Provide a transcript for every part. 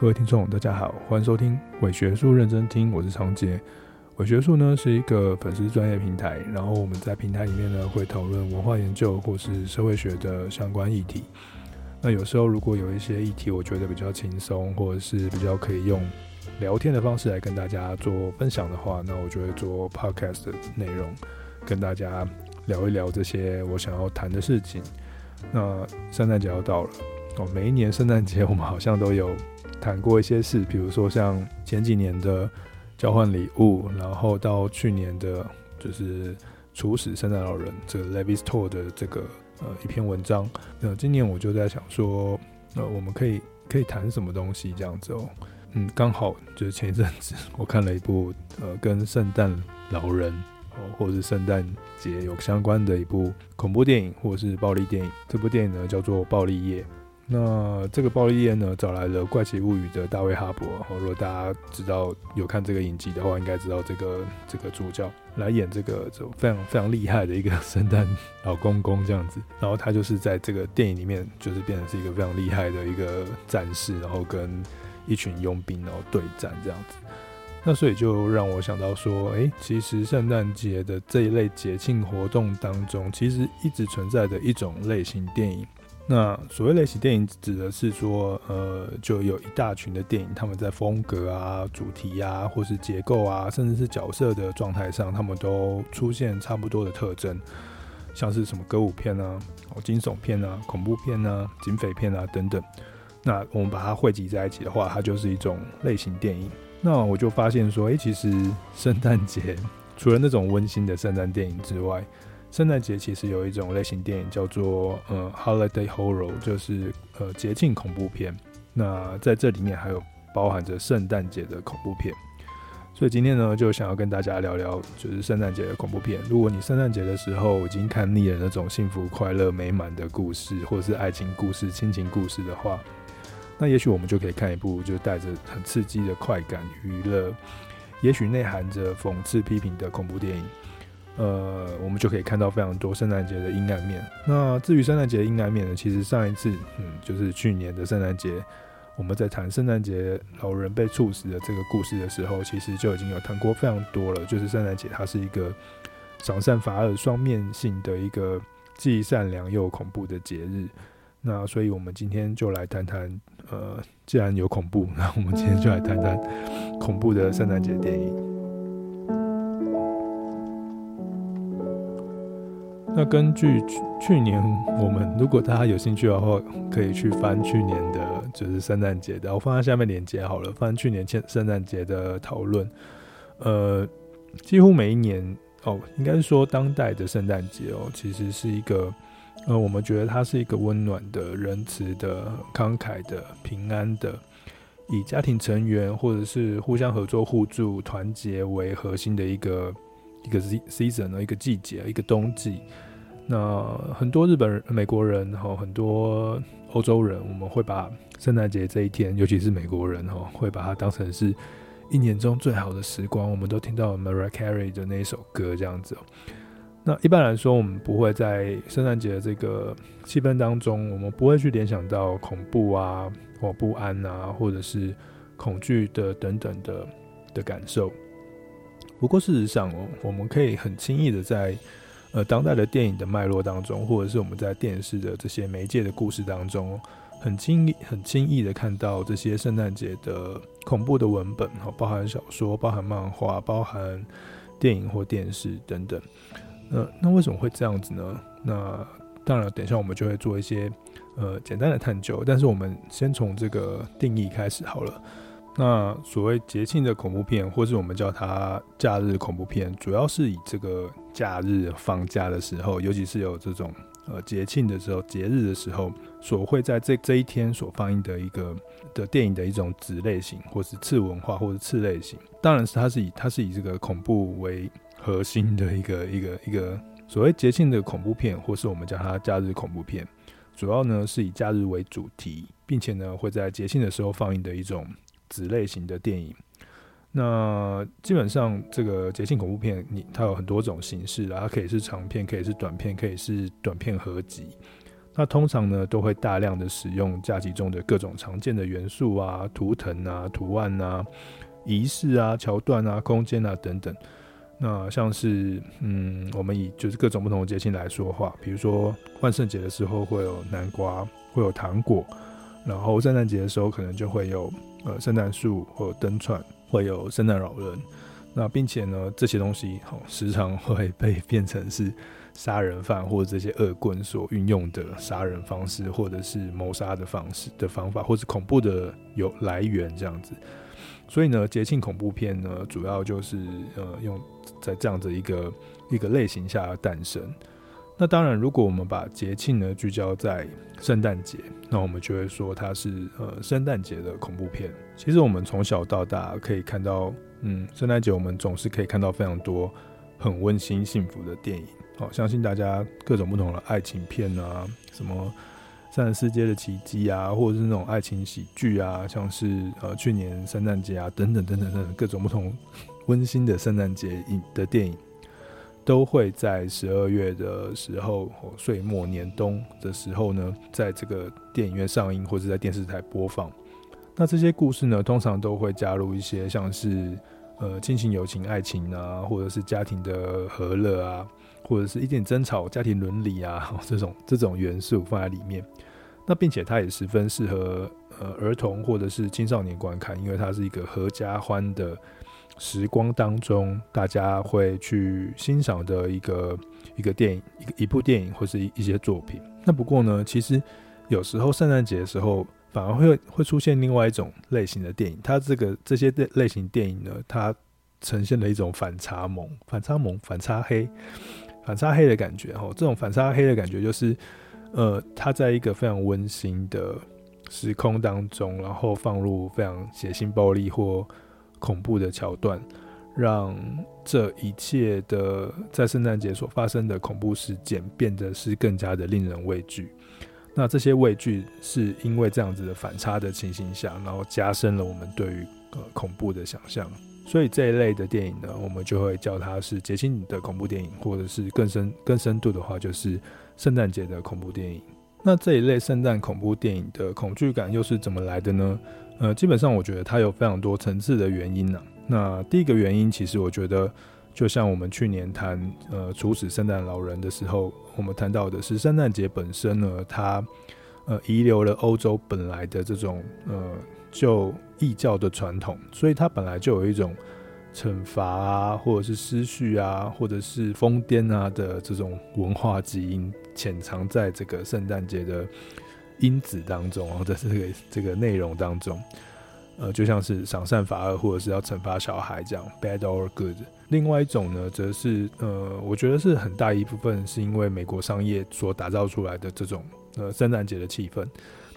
各位聽眾，大家好，歡迎收聽偽學術認真聽，我是長潔。偽學術呢是一個粉絲專業平台，然後我們在平台裡面呢會討論文化研究或是社會學的相關議題。那有時候如果有一些議題我覺得比較輕鬆，或者是比較可以用聊天的方式來跟大家做分享的話，那我就會做 podcast 的內容，跟大家聊一聊這些我想要談的事情。那聖誕節要到了。哦、每一年聖誕節，我們好像都有談過一些事，比如說像前幾年的交換禮物，然後到去年的，就是處死聖誕老人、這個、這個《Lévi-Strauss》的這個呃一篇文章。那今年我就在想說，呃，我們可以可以談什麼東西這樣子哦？嗯，剛好就是前一陣子我看了一部呃跟聖誕老人哦、呃，或者是聖誕節有相關的一部恐怖電影或者是暴力電影，這部電影呢叫做《暴戾夜》。那這個暴戾夜呢，找來了《怪奇物語》的大衛·哈伯。然後，如果大家知道有看這個影集的話，應該知道這個這個主角來演這個非常非常厲害的一個聖誕老公公這樣子。然後他就是在這個電影裡面，就是變成是一個非常厲害的一個戰士，然後跟一群傭兵然後對戰這樣子。那所以就讓我想到說，哎、欸，其實聖誕節的這一類節慶活動當中，其實一直存在的一種類型電影。那所謂類型電影指的是說，呃，就有一大群的電影，他們在風格啊、主題啊，或是結構啊，甚至是角色的狀態上，他們都出現差不多的特徵，像是什麼歌舞片啊、驚悚片啊、恐怖片啊、警匪片啊等等。那我們把它匯集在一起的話，它就是一種類型電影。那我就發現說，誒、欸，其實聖誕節除了那種溫馨的聖誕電影之外，聖誕節其實有一種類型電影叫做呃、嗯、，holiday horror，就是呃，節、嗯、慶恐怖片。那在這裡面還有包含着聖誕節的恐怖片。所以今天呢，就想要跟大家聊聊，就是聖誕節的恐怖片。如果你聖誕節的時候已經看膩了那種幸福、快樂、美滿的故事，或者是愛情故事、親情故事的話，那也許我們就可以看一部就帶着很刺激的快感娛樂，也許內含着諷刺、批評的恐怖電影。呃，我們就可以看到非常多聖誕節的陰暗面。那至於聖誕節的陰暗面呢，其實上一次，嗯，就是去年的聖誕節，我們在談聖誕節老人被處死的這個故事的時候，其實就已經有談過非常多了。就是聖誕節它是一個賞善罰惡、雙面性的一個既善良又恐怖的節日。那所以，我們今天就來談談，呃，既然有恐怖，那我們今天就來談談恐怖的聖誕節電影。那根據去年，我們如果大家有興趣的話，可以去翻去年的，就是聖誕節的。我放在下面鏈接好了，翻去年慶聖誕節的討論。呃，幾乎每一年哦，應該是說當代的聖誕節哦，其實是一個呃，我們覺得它是一個溫暖的、仁慈的、慷慨的、平安的，以家庭成員或者是互相合作、互助、團結為核心的一個一個 season，一個季節，一個冬季。那很多日本人、美國人，哈，很多歐洲人，我們會把聖誕節這一天，尤其是美國人，哈，會把它當成是一年中最好的時光。我們都聽到 Mariah Carey 的那首歌，這樣子。那一般來說，我們不會在聖誕節的這個氣氛當中，我們不會去聯想到恐怖啊，或不安啊，或者是恐懼的等等的的感受。不過事實上，我們可以很輕易的在。呃，當代的電影的脈絡當中，或者是我們在電視的這些媒介的故事當中，很輕易、很輕易的看到這些聖誕節的恐怖的文本，哈、哦，包含小說、包含漫畫、包含電影或電視等等。呃，那為什麼會這樣子呢？那當然，等一下我們就會做一些呃簡單的探究。但是我們先從這個定義開始好了。那所謂節慶的恐怖片，或是我們叫它假日恐怖片，主要是以這個假日放假的時候，尤其是有這種呃節慶的時候、節日的時候，所會在這這一天所放映的一個的電影的一種子類型，或是次文化，或是次類型，當然是它是以它是以這個恐怖為核心的一個一個一個所謂節慶的恐怖片，或是我們叫它假日恐怖片，主要呢是以假日為主題，並且呢會在節慶的時候放映的一種子類型的電影。那基本上，這個節慶恐怖片，你它有很多種形式啊，它可以是長片，可以是短片，可以是短片合集。那通常呢，都會大量的使用假期中的各種常見的元素啊，圖騰啊、圖案啊、儀式啊、橋段啊、空間啊等等。那像是，嗯，我們以就是各種不同的節慶來說話，比如說萬聖節的時候會有南瓜，會有糖果，然後聖誕節的時候可能就會有呃聖誕樹或燈串。會有聖誕老人，那並且呢，這些東西好、喔、時常會被變成是殺人犯或者這些惡棍所運用的殺人方式，或者是謀殺的方式的方法，或是恐怖的有來源這樣子。所以呢，節慶恐怖片呢，主要就是呃用在這樣子一個一個類型下誕生。那當然，如果我們把節慶呢聚焦在聖誕節，那我們就會說它是呃聖誕節的恐怖片。其實我們從小到大可以看到，嗯，聖誕節我們總是可以看到非常多很溫馨幸福的電影。好、哦，相信大家各種不同的愛情片啊，什麼《三十四街的奇蹟》啊，或者是那種愛情喜劇啊，像是呃去年聖誕節啊等等等等等等各種不同溫馨的聖誕節的電影。都會在十二月的時候或歲末年冬的時候呢，在這個電影院上映或者是在電視台播放。那這些故事呢，通常都會加入一些像是呃親情、友情、愛情啊，或者是家庭的和樂啊，或者是一點爭吵、家庭倫理啊，這種這種元素放在裡面。那並且它也十分適合呃兒童或者是青少年觀看，因為它是一個合家歡的時光當中，大家會去欣賞的一個一個電影，一部電影或是一些作品。那不過呢，其實有時候聖誕節的時候，反而會會出現另外一種類型的電影。它這個這些類型電影呢，它呈現了一種反差萌、反差萌、反差黑、反差黑的感覺。齁，這種反差黑的感覺就是，呃，它在一個非常溫馨的時空當中，然後放入非常血腥暴力或恐怖的橋段，讓這一切的在聖誕節所發生的恐怖事件變得是更加的令人畏懼。那這些畏懼是因為這樣子的反差的情形下，然後加深了我們對於呃恐怖的想象。所以這一類的電影呢，我們就會叫它是節慶的恐怖電影，或者是更深更深度的話，就是聖誕節的恐怖電影。那這一類聖誕恐怖電影的恐懼感又是怎麼來的呢？呃，基本上我覺得它有非常多層次的原因呢，啊。那第一個原因，其實我覺得就像我們去年談呃處死聖誕老人的時候，我們談到的是聖誕節本身呢，它呃遺留了歐洲本來的這種呃就異教的傳統，所以它本來就有一種懲罰啊，或者是失序啊，或者是瘋癲啊的這種文化基因潛藏在這個聖誕節的。因子當中，然後在這個這個內容當中，呃，就像是賞善罰惡，或者是要懲罰小孩這樣，bad or good。另外一種呢，則是呃，我覺得是很大一部分是因為美國商業所打造出來的這種呃聖誕節的氣氛。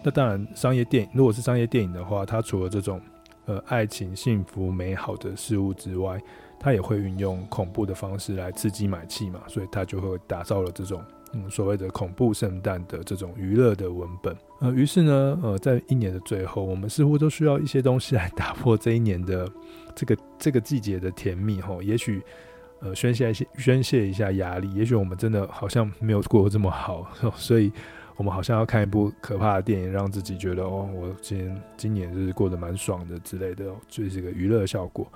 那當然，商業電影如果是商業電影的話，它除了這種呃愛情、幸福、美好的事物之外，它也會運用恐怖的方式來刺激買氣嘛，所以它就會打造了這種。嗯，所謂的恐怖聖誕的這種娛樂的文本，呃，於是呢，呃，在一年的最後，我們似乎都需要一些東西來打破這一年的這個這個季節的甜蜜吼、哦，也許，呃，宣洩一些宣洩一下壓力，也許我們真的好像沒有過這麼好，哦，所以我們好像要看一部可怕的電影，讓自己覺得哦，我今今年就是過得蠻爽的之類的，這、哦就是一個娛樂效果。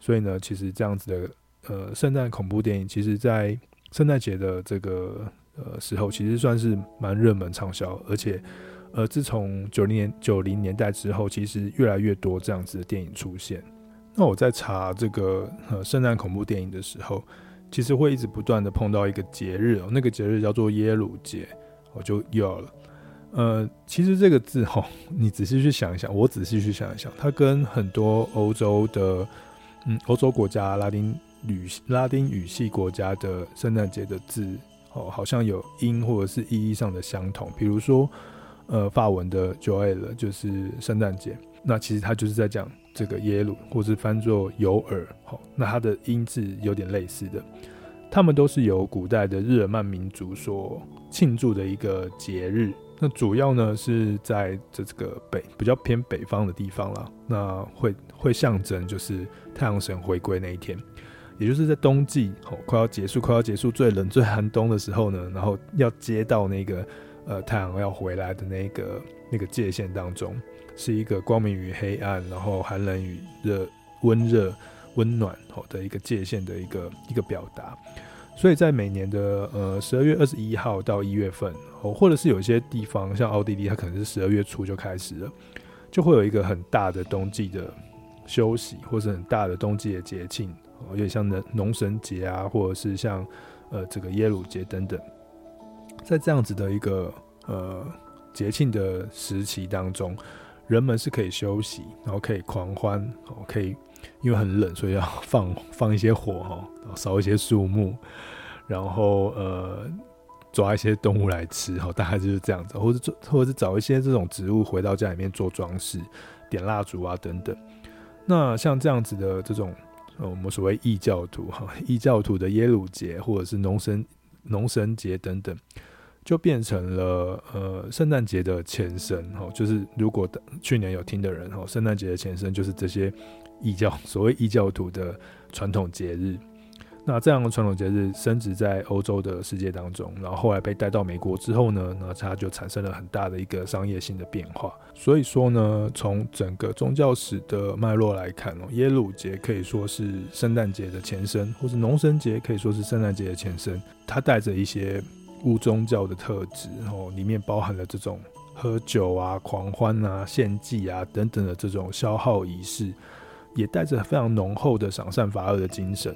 所以呢，其實這樣子的呃，聖誕恐怖電影，其實，在聖誕節的這個。呃，時候其實算是蠻熱門暢銷，而且，呃，自從九零年九零年代之後，其實越來越多這樣子的電影出現。那我在查這個呃聖誕恐怖電影的時候，其實會一直不斷的碰到一個節日、喔，那個節日叫做耶魯節，我就要了。呃，其實這個字哈、喔，你仔細去想一想，我仔細去想一想，它跟很多歐洲的嗯歐洲國家、拉丁語拉丁語系國家的聖誕節的字。哦，好像有音或者是意義上的相同，比如說，呃，法文的 Joel 就是聖誕節，那其實它就是在講這個耶魯，或是翻作尤爾，哦，那它的音字有點類似的。他們都是由古代的日耳曼民族所慶祝的一個節日，那主要呢是在這這個北，比較偏北方的地方啦，那會會象徵就是太陽神回歸那一天。也就是在冬季哦，快要結束、快要結束最冷最寒冬的時候呢，然後要接到那個呃太陽要回來的那個那個界限當中，是一個光明與黑暗，然後寒冷與熱、溫熱、溫暖哦的一個界限的一個一個表達。所以在每年的呃十二月二十一號到一月份，哦，或者是有一些地方像奧地利，它可能是十二月初就開始了，就會有一個很大的冬季的休息，或是很大的冬季的節慶。有點像農農神節啊，或者是像呃這個耶魯節等等，在這樣子的一個呃節慶的時期當中，人們是可以休息，然後可以狂歡，哦，可以因為很冷，所以要放放一些火哈，喔，燒一些樹木，然後呃抓一些動物來吃，喔，哦，大概就是這樣子，或者做，或者是找一些這種植物回到家裡面做裝飾，點蠟燭啊等等。那像這樣子的這種。哦、我們所謂異教徒哈，哦、異教徒的耶魯節或者是農神、農神節等等，就變成了呃聖誕節的前身哦。就是如果去年有聽的人哦，聖誕節的前身就是這些異教，所謂異教徒的傳統節日。那這樣的傳統節日升值在歐洲的世界當中，然後後來被帶到美國之後呢，那它就產生了很大的一個商業性的變化。所以說呢，從整個宗教史的脈絡來看哦，耶魯節可以說是聖誕節的前身，或是農神節可以說是聖誕節的前身。它帶着一些巫宗教的特質，然後裡面包含了這種喝酒啊、狂歡啊、獻祭啊等等的這種消耗儀式，也帶着非常濃厚的賞善罰惡的精神。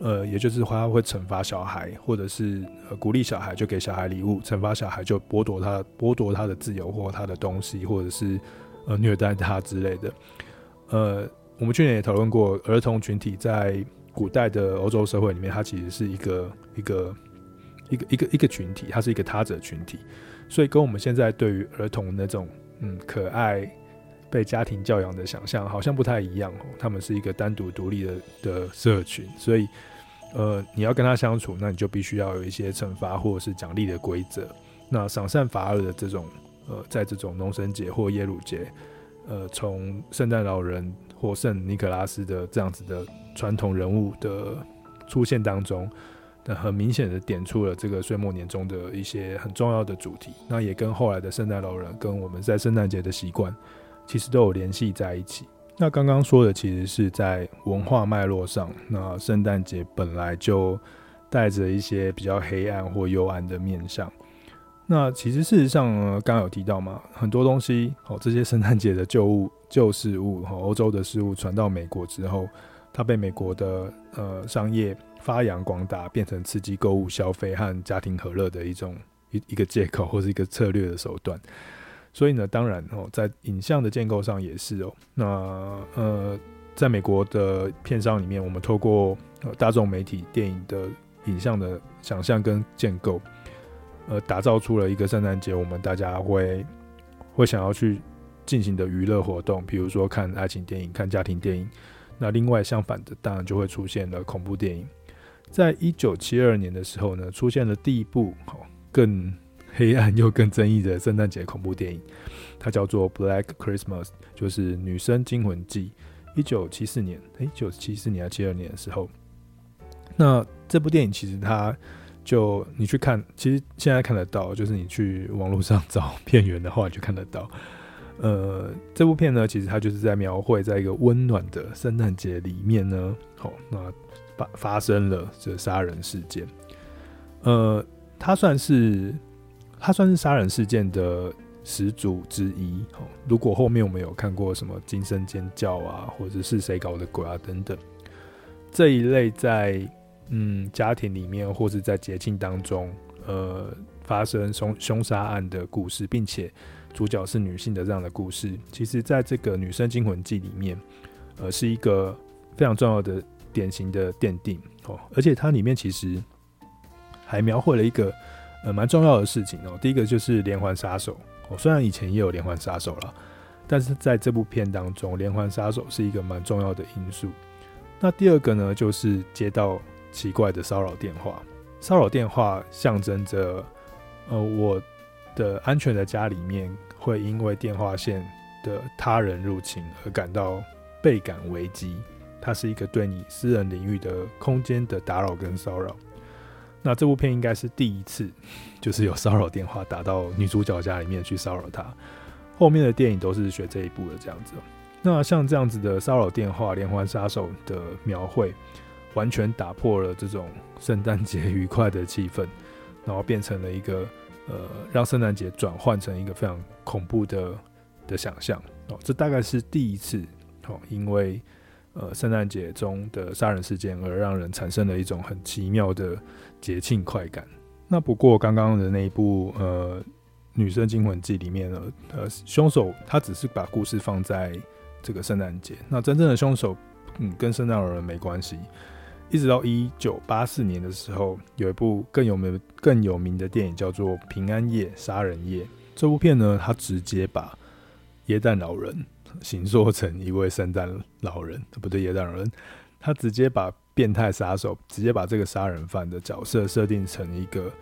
呃，也就是他會懲罰小孩，或者是，呃，鼓勵小孩就給小孩禮物，懲罰小孩就剝奪他剝奪他的自由或他的東西，或者是呃虐待他之類的。呃，我們去年也討論過，兒童群體在古代的歐洲社會裡面，它其實是一個一個一個一個一個群體，它是一個他者群體，所以跟我們現在對於兒童那種嗯可愛。被家庭教養的想象好像不太一樣哦。他們是一個單獨獨立的的社群，所以，呃，你要跟他相處，那你就必須要有一些懲罰或是獎勵的規則。那賞善罰惡的這種，呃，在這種農神節或耶魯節，呃，從聖誕老人或聖尼可拉斯的這樣子的傳統人物的出現當中，很明顯的點出了這個歲末年終的一些很重要的主題。那也跟後來的聖誕老人跟我們在聖誕節的習慣。其實都有聯繫在一起。那剛剛說的其實是在文化脈絡上，那聖誕節本來就帶着一些比較黑暗或幽暗的面向。那其實事實上，剛剛有提到嘛，很多東西，哦，這些聖誕節的舊物、舊事物和歐洲的事物傳到美國之後，它被美國的呃商業發揚光大，變成刺激購物消費和家庭和樂的一種一一個借口或是一個策略的手段。所以呢，當然哦，在影像的建構上也是哦。那呃，在美國的片商裡面，我們透過、呃、大眾媒體電影的影像的想象跟建構，呃，打造出了一個聖誕節，我們大家會會想要去進行的娛樂活動，比如說看愛情電影、看家庭電影。那另外相反的，當然就會出現了恐怖電影。在一九七二年的時候呢，出現了第一部好更，黑暗又更爭議的聖誕節恐怖電影，它叫做《Black Christmas》，就是《女生驚魂記》。一九七四年，一九七四年，七二年的時候，那這部電影其實它就你去看，其實現在看得到，就是你去網絡上找片源的話，就看得到。呃，這部片呢，其實它就是在描繪，在一個溫暖的聖誕節裡面呢，好、哦，那發發生了這殺人事件。呃，它算是。它算是殺人事件的始祖之一。如果後面我們有看過什麼《驚聲尖叫》啊，或者是誰搞的鬼啊等等，這一類在嗯家庭裡面或是在節慶當中，呃，發生凶凶殺案的故事，並且主角是女性的這樣的故事，其實在這個《女生驚魂記》裡面，呃，是一個非常重要的典型的奠定。哦，而且它裡面其實還描繪了一個。呃，蠻重要的事情哦。第一個就是連環殺手哦，雖然以前也有連環殺手啦，但是在這部片當中，連環殺手是一個蠻重要的因素。那第二個呢，就是接到奇怪的騷擾電話。騷擾電話象徵着，呃，我的安全的家裡面會因為電話線的他人入侵而感到倍感危機。它是一個對你私人領域的空間的打擾跟騷擾。那這部片應該是第一次，就是有騷擾電話打到女主角家裡面去騷擾她。後面的電影都是學這一部的這樣子。那像這樣子的騷擾電話、連環殺手的描繪，完全打破了這種聖誕節愉快的氣氛，然後變成了一個呃，讓聖誕節轉換成一個非常恐怖的的想象哦。這大概是第一次哦，因為。呃，聖誕節中的殺人事件，而讓人產生了一種很奇妙的節慶快感。那不過剛剛的那一部呃《女生驚魂記》裡面呢，呃，兇手他只是把故事放在這個聖誕節，那真正的兇手嗯跟聖誕老人沒關係。一直到一九八四年的時候，有一部更有名更有名的電影叫做《平安夜殺人夜》。這部片呢，他直接把耶誕老人。形作成一位聖誕老人，不對，耶誕老人，他直接把變態殺手，直接把這個殺人犯的角色設定成一個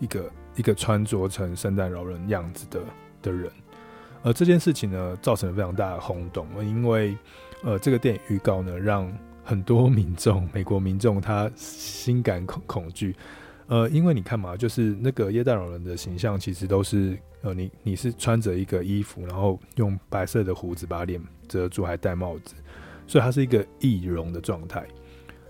一個一個穿着成聖誕老人樣子的的人，而、呃、這件事情呢，造成了非常大的轟動，因為呃，這個電影預告呢，讓很多民眾，美國民眾，他心感恐恐懼。呃，因為你看嘛，就是那個耶誕老人的形象，其實都是呃，你你是穿着一個衣服，然後用白色的鬍子把臉遮住，還戴帽子，所以他是一個易容的狀態。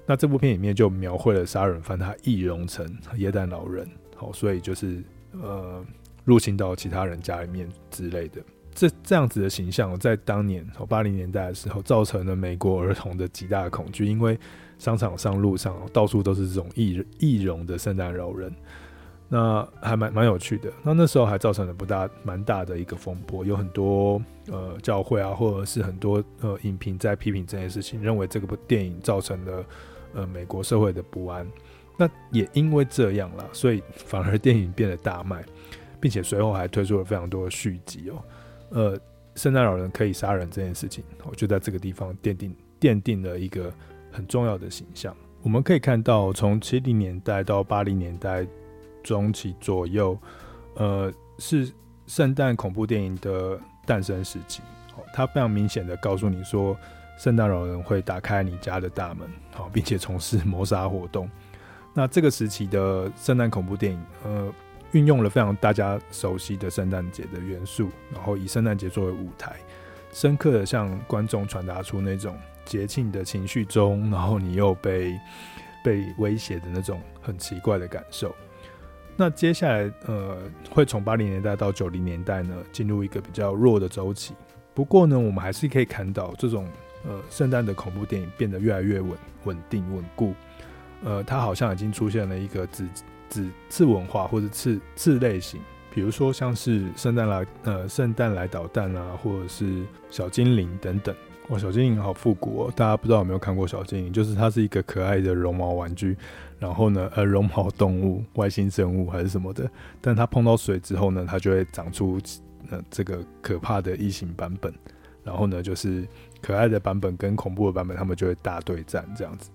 那這部片裡面就描繪了殺人犯他易容成耶誕老人，好、哦，所以就是呃，入侵到其他人家裡面之類的。這這樣子的形象在當年哦八零年代的時候，造成了美國兒童的極大的恐懼，因為。商場上、路上到處都是這種易易容的聖誕老人，那還蠻蠻有趣的。那那時候還造成了不大蠻大的一個風波，有很多呃教會啊，或者是很多呃影評在批評這件事情，認為這部電影造成了呃美國社會的不安。那也因為這樣啦，所以反而電影變得大賣，並且隨後還推出了非常多的續集哦。呃，聖誕老人可以殺人這件事情，我就在這個地方奠定奠定了一個。很重要的形象，我們可以看到，從七零年代到八零年代中期左右，呃，是聖誕恐怖電影的誕生時期。好，它非常明顯的告訴你說，聖誕老人會打開你家的大門，好，並且從事謀殺活動。那這個時期的聖誕恐怖電影，呃，運用了非常大家熟悉的聖誕節的元素，然後以聖誕節作為舞台，深刻的向觀眾傳達出那種。節慶的情緒中，然後你又被被威脅的那種很奇怪的感受。那接下來呃，會從八零年代到九零年代呢，進入一個比較弱的周期。不過呢，我們還是可以看到這種呃，聖誕的恐怖電影變得越來越穩、穩定、穩固。呃，它好像已經出現了一個子子次文化或者次次類型，比如說像是聖誕來呃，聖誕來搗蛋啊，或者是小精靈等等。哇，小精靈好復古哦！大家不知道有沒有看過小精靈？就是它是一個可愛的絨毛玩具，然後呢，呃，絨毛動物、外星生物還是什麼的。但它碰到水之後呢，它就會長出，呃，這個可怕的異形版本。然後呢，就是可愛的版本跟恐怖的版本，他們就會大對戰這樣子。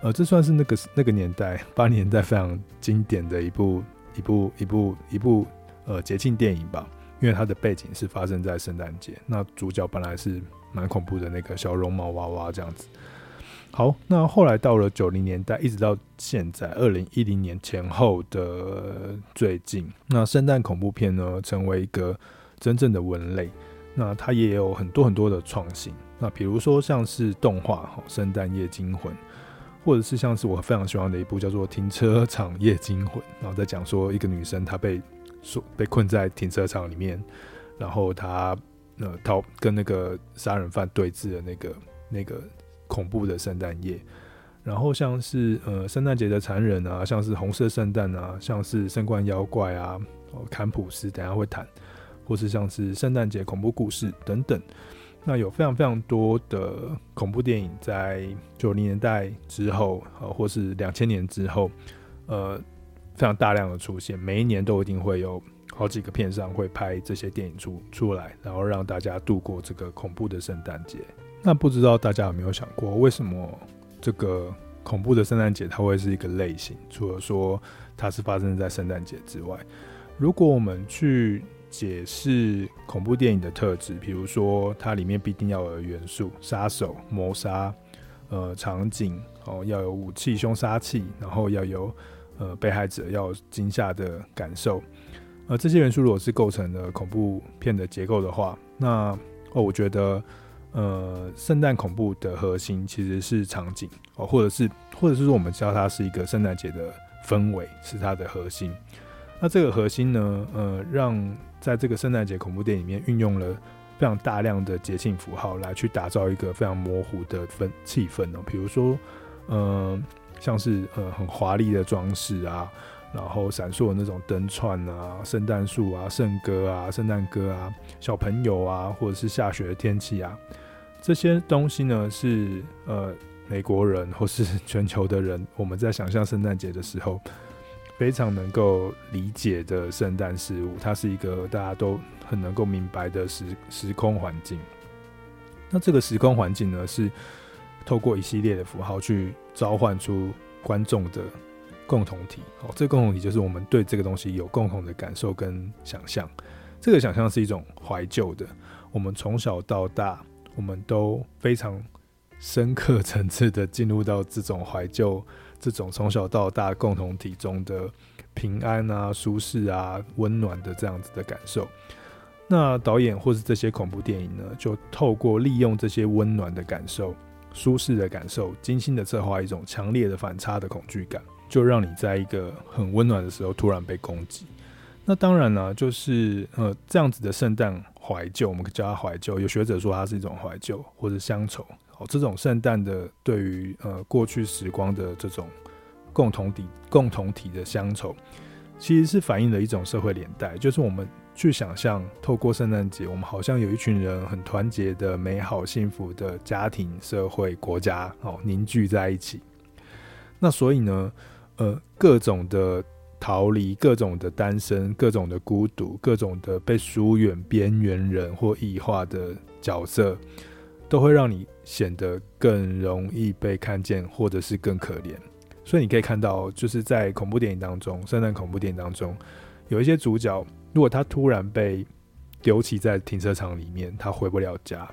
呃，這算是那個那個年代八零年代非常經典的一部一部一部一部呃節慶電影吧。因為它的背景是發生在聖誕節，那主角本來是蠻恐怖的那個小絨毛娃娃這樣子。好，那後來到了九零年代，一直到現在二零一零年前後的最近，那聖誕恐怖片呢，成為一個真正的文類。那它也有很多很多的創新。那比如說像是動畫《聖誕夜驚魂》，或者是像是我非常喜歡的一部叫做《停車場夜驚魂》，然後再講說一個女生她被。被困在停車場裡面，然後他呃逃，跟那個殺人犯對峙的那個那個恐怖的聖誕夜，然後像是呃聖誕節的殘忍啊，像是紅色聖誕啊，像是聖冠妖怪啊，呃、坎普斯等下會談，或是像是聖誕節恐怖故事等等，那有非常非常多的恐怖電影在九零年代之後，呃或是兩千年之後，呃。非常大量的出現，每一年都一定會有好幾個片商會拍這些電影出出來，然後讓大家度過這個恐怖的聖誕節。那不知道大家有沒有想過，為什麼這個恐怖的聖誕節它會是一個類型？除了說它是發生在聖誕節之外，如果我們去解釋恐怖電影的特質，比如說它裡面必定要有元素、殺手、謀殺、呃、場景，哦，要有武器、兇殺器，然後要有。呃，被害者要驚嚇的感受，呃，這些元素如果是構成了恐怖片的結構的話，那哦，我覺得，呃，聖誕恐怖的核心其實是場景哦，或者是，或者是說我們知道它是一個聖誕節的氛圍是它的核心。那這個核心呢，呃，讓在這個聖誕節恐怖片裡面運用了非常大量的節慶符號來去打造一個非常模糊的氛氣氛哦，比如說，嗯、呃。像是呃很華麗的裝飾啊，然後閃爍的那種燈串啊，聖誕樹啊，聖歌啊，聖誕歌啊，小朋友啊，或者是下雪的天氣啊，這些東西呢是呃美國人或是全球的人我們在想象聖誕節的時候非常能夠理解的聖誕事物，它是一個大家都很能夠明白的時時空環境。那這個時空環境呢是。透過一系列的符號去召喚出觀眾的共同體，好，這個共同體就是我們對這個東西有共同的感受跟想象。這個想象是一種懷舊的，我們從小到大，我們都非常深刻層次的進入到這種懷舊、這種從小到大共同體中的平安啊、舒適啊、溫暖的這樣子的感受。那導演或是這些恐怖電影呢，就透過利用這些溫暖的感受。舒適的感受，精心的策劃，一種強烈的反差的恐懼感，就讓你在一個很溫暖的時候突然被攻擊。那當然呢，啊，就是呃，這樣子的聖誕懷舊，我們可以叫它懷舊。有學者說它是一種懷舊或者鄉愁。哦，這種聖誕的對於呃過去時光的這種共同體共同體的鄉愁，其實是反映了一種社會連帶，就是我們。去想象，透過聖誕節，我們好像有一群人很團結的、美好、幸福的家庭、社會、國家，哦，凝聚在一起。那所以呢，呃，各種的逃離、各種的單身、各種的孤獨、各種的被疏遠、邊緣人或異化的角色，都會讓你顯得更容易被看見，或者是更可憐。所以你可以看到，就是在恐怖電影當中，聖誕恐怖電影當中，有一些主角。如果他突然被丟棄在停車場裡面，他回不了家，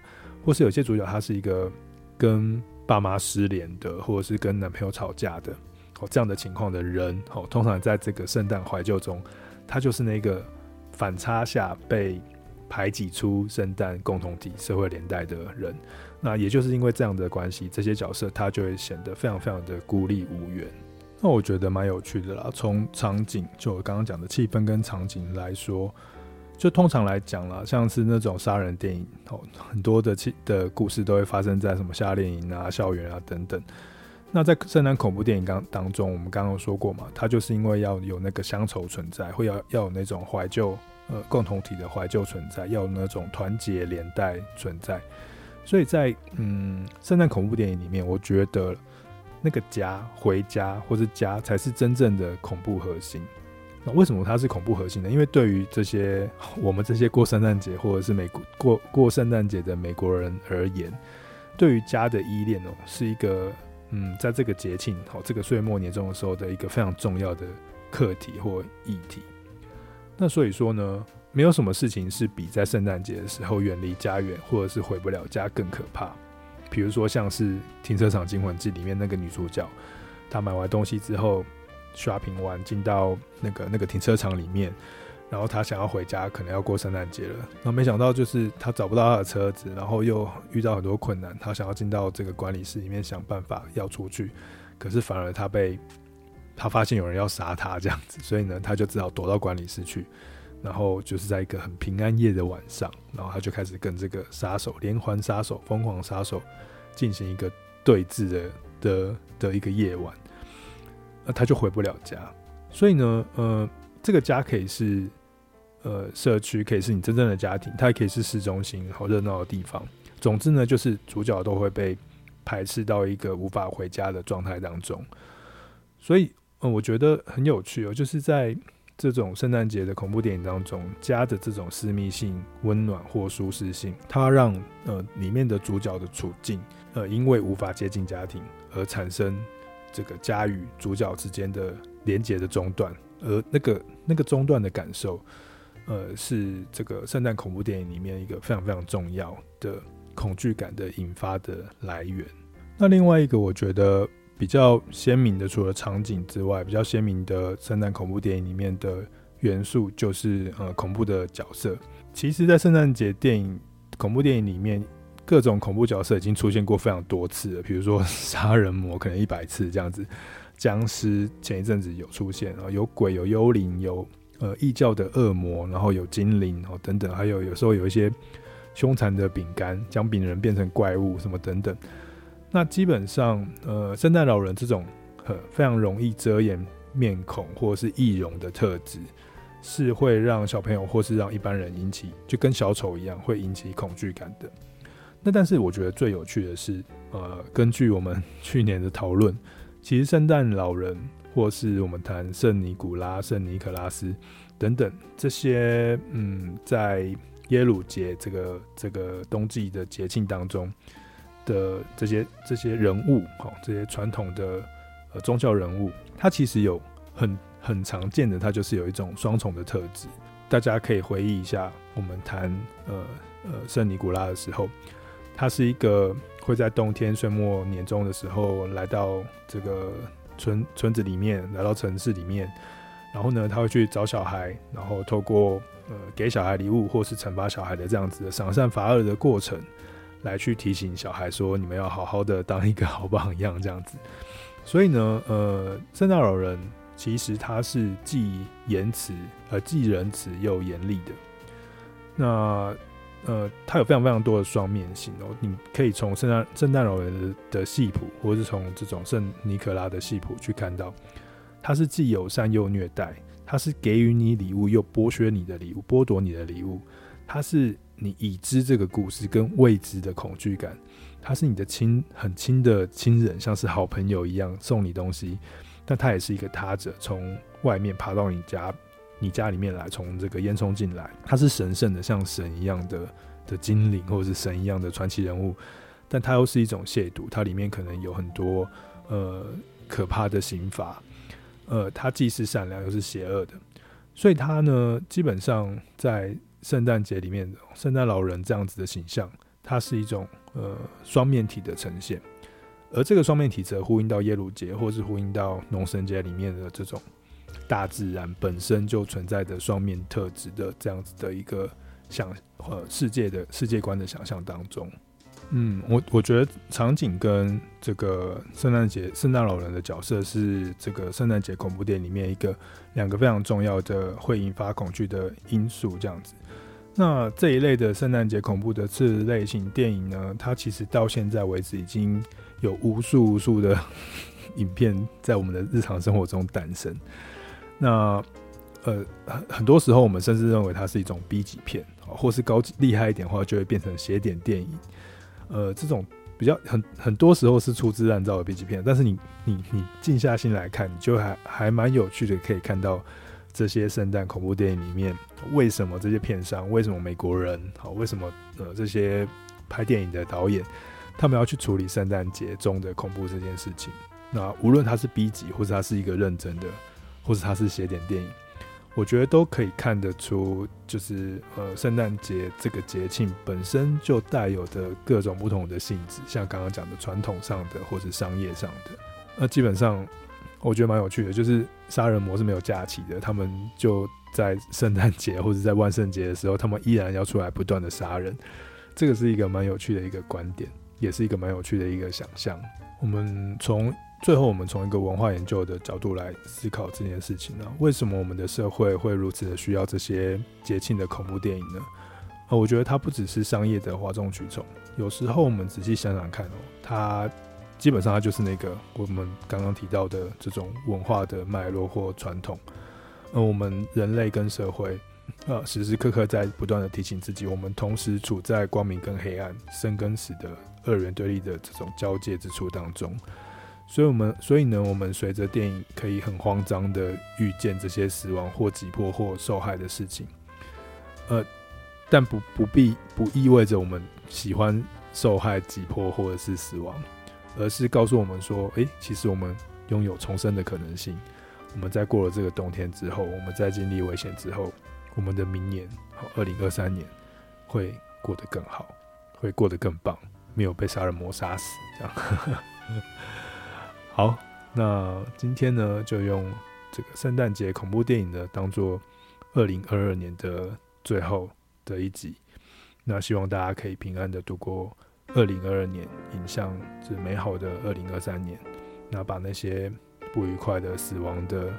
或是有些主角他是一個跟爸媽失聯的，或者是跟男朋友吵架的，哦，這樣的情況的人，哦，通常在這個聖誕懷舊中，他就是那個反差下被排擠出聖誕共同體、社會連帶的人。那也就是因為這樣的關係，這些角色他就會顯得非常非常的孤立無援。那我覺得蠻有趣的啦。從場景，就我剛剛講的氣氛跟場景來說，就通常來講啦，像是那種殺人電影哦，很多的氣的故事都會發生在什麼夏令營啊、校園啊等等。那在聖誕恐怖電影當當中，我們剛剛有說過嘛，它就是因為要有那個鄉愁存在，會要要有那種懷舊呃共同體的懷舊存在，要有那種團結連帶存在。所以在嗯聖誕恐怖電影裡面，我覺得。那個家，回家，或是家，才是真正的恐怖核心。那、啊、為什麼它是恐怖核心呢？因為對於這些我們這些過聖誕節，或者是美國過過聖誕節的美國人而言，對於家的依戀哦、喔，是一個嗯，在這個節慶、喔、這個歲末年終的時候的一個非常重要的課題或議題。那所以說呢，沒有什麼事情是比在聖誕節的時候遠離家園，或者是回不了家更可怕。比如說，像是《停車場驚魂記》裡面那個女主角，她買完東西之後 shopping 完進到那個那個停車場裡面，然後她想要回家，可能要過聖誕節了。那沒想到就是她找不到她的車子，然後又遇到很多困難。她想要進到這個管理室裡面想辦法要出去，可是反而她被她發現有人要殺她這樣子，所以呢，她就只好躲到管理室去。然後就是在一個很平安夜的晚上，然後他就開始跟這個殺手、連環殺手、瘋狂殺手進行一個對峙的的的一個夜晚。啊，他就回不了家。所以呢，呃，這個家可以是呃社區，可以是你真正的家庭，他也可以是市中心好熱鬧的地方。總之呢，就是主角都會被排斥到一個無法回家的狀態當中。所以，呃，我覺得很有趣哦，就是在。這種聖誕節的恐怖電影當中，家的這種私密性、溫暖或舒適性，它讓呃裡面的主角的處境，呃因為無法接近家庭而產生這個家與主角之間的連接的中斷，而那個那個中斷的感受，呃是這個聖誕恐怖電影裡面一個非常非常重要的恐懼感的引發的來源。那另外一個，我覺得。比較鮮明的，除了場景之外，比較鮮明的聖誕恐怖電影裡面的元素就是呃恐怖的角色。其實，在聖誕節電影、恐怖電影裡面，各種恐怖角色已經出現過非常多次了。比如說殺人魔，可能一百次這樣子；殭屍前一陣子有出現，然後有鬼、有幽靈、有呃異教的惡魔，然後有精靈，哦等等，還有有時候有一些凶殘的餅乾，薑餅人變成怪物什麼等等。那基本上，呃，聖誕老人這種呃，非常容易遮掩面孔或是易容的特質，是會讓小朋友或是讓一般人引起，就跟小丑一樣會引起恐懼感的。那但是我覺得最有趣的是，呃，根據我們去年的討論，其實聖誕老人或是我們談聖尼古拉、聖尼可拉斯等等這些，嗯，在耶魯節這個這個冬季的節慶當中的這些這些人物，哈，這些傳統的呃宗教人物，他其實有很很常見的，他就是有一種雙重的特質。大家可以回憶一下，我們談呃呃聖尼古拉的時候，他是一個會在冬天歲末年終的時候來到這個村村子裡面，來到城市裡面，然後呢他會去找小孩，然後透過呃給小孩禮物或是懲罰小孩的這樣子的賞善罰惡的過程。來去提醒小孩說：“你們要好好的當一個好榜樣，這樣子。”所以呢，呃，聖誕老人其實他是既仁慈，呃，既仁慈又嚴厲的。那呃，他有非常非常多的雙面性哦。你可以從聖誕聖誕老人的系譜，或是從這種聖尼可拉的系譜去看到，他是既友善又虐待，他是給予你禮物又剝削你的禮物，剝奪你的禮物，他是。你已知這個故事跟未知的恐懼感，他是你的親很親的親人，像是好朋友一樣送你東西，但他也是一個他者，從外面爬到你家，你家裡面來，從這個煙囪進來，他是神聖的，像神一樣的的精靈，或是神一樣的傳奇人物，但他又是一種褻瀆，他裡面可能有很多呃可怕的刑罰，呃，他既是善良又是邪惡的，所以他呢基本上在。聖誕節裡面的聖誕老人這樣子的形象，它是一種呃雙面體的呈現，而這個雙面體則呼應到耶魯節，或是呼應到農神節裡面的這種大自然本身就存在的雙面特質的這樣子的一個想呃，世界的世界觀的想象當中。嗯，我我覺得場景跟這個聖誕節、聖誕老人的角色是這個聖誕節恐怖電影裡面一個兩個非常重要的會引發恐懼的因素。這樣子，那這一類的聖誕節恐怖的次類型電影呢，它其實到現在為止已經有無數無數的 影片在我們的日常生活中誕生。那呃，很多時候我們甚至認為它是一種 B 級片，或是高級厲害一點的話，就會變成邪典電影。呃，這種比較很很多時候是粗製濫造的 B 級片，但是你你你靜下心來看，你就還還蠻有趣的，可以看到這些聖誕恐怖電影裡面，為什麼這些片商，為什麼美國人，好，為什麼呃這些拍電影的導演，他們要去處理聖誕節中的恐怖這件事情？那無論他是 B 級，或者他是一個認真的，或者他是寫點電影。我覺得都可以看得出，就是呃，聖誕節這個節慶本身就帶有的各種不同的性質，像剛剛講的傳統上的或者商業上的。那基本上，我覺得蠻有趣的，就是殺人魔是沒有假期的，他們就在聖誕節或者在萬聖節的時候，他們依然要出來不斷的殺人。這個是一個蠻有趣的一個觀點，也是一個蠻有趣的一個想象。我們從。最後，我們從一個文化研究的角度來思考這件事情呢、啊？為什麼我們的社會會如此的需要這些節慶的恐怖電影呢？啊、呃，我覺得它不只是商業的譁眾取寵。有時候我們仔細想想看哦，它基本上它就是那個我們剛剛提到的這種文化的脈絡或傳統。而、呃、我們人類跟社會，啊、呃，時時刻刻在不斷的提醒自己，我們同時處在光明跟黑暗、生跟死的二元對立的這種交界之處當中。所以，我們所以呢，我們隨着電影可以很慌張的遇見這些死亡或急迫或受害的事情，呃，但不不必不意味着我們喜歡受害、急迫或者是死亡，而是告訴我們說，誒、欸，其實我們擁有重生的可能性。我們在過了這個冬天之後，我們在經歷危險之後，我們的明年，二零二三年會過得更好，會過得更棒，沒有被殺人魔殺死，這樣。好，那今天呢，就用這個聖誕節恐怖電影呢，當做二零二二年的最後的一集。那希望大家可以平安的度過二零二二年影像，迎向這美好的二零二三年。那把那些不愉快的、死亡的、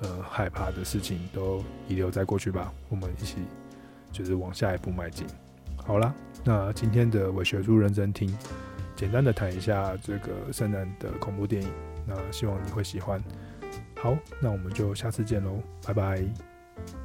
呃，害怕的事情都遺留在過去吧。我們一起就是往下一步邁進。好啦，那今天的偽學術認真聽。簡單的談一下這個聖誕的恐怖電影，那希望你會喜歡。好，那我們就下次見嘍，拜拜。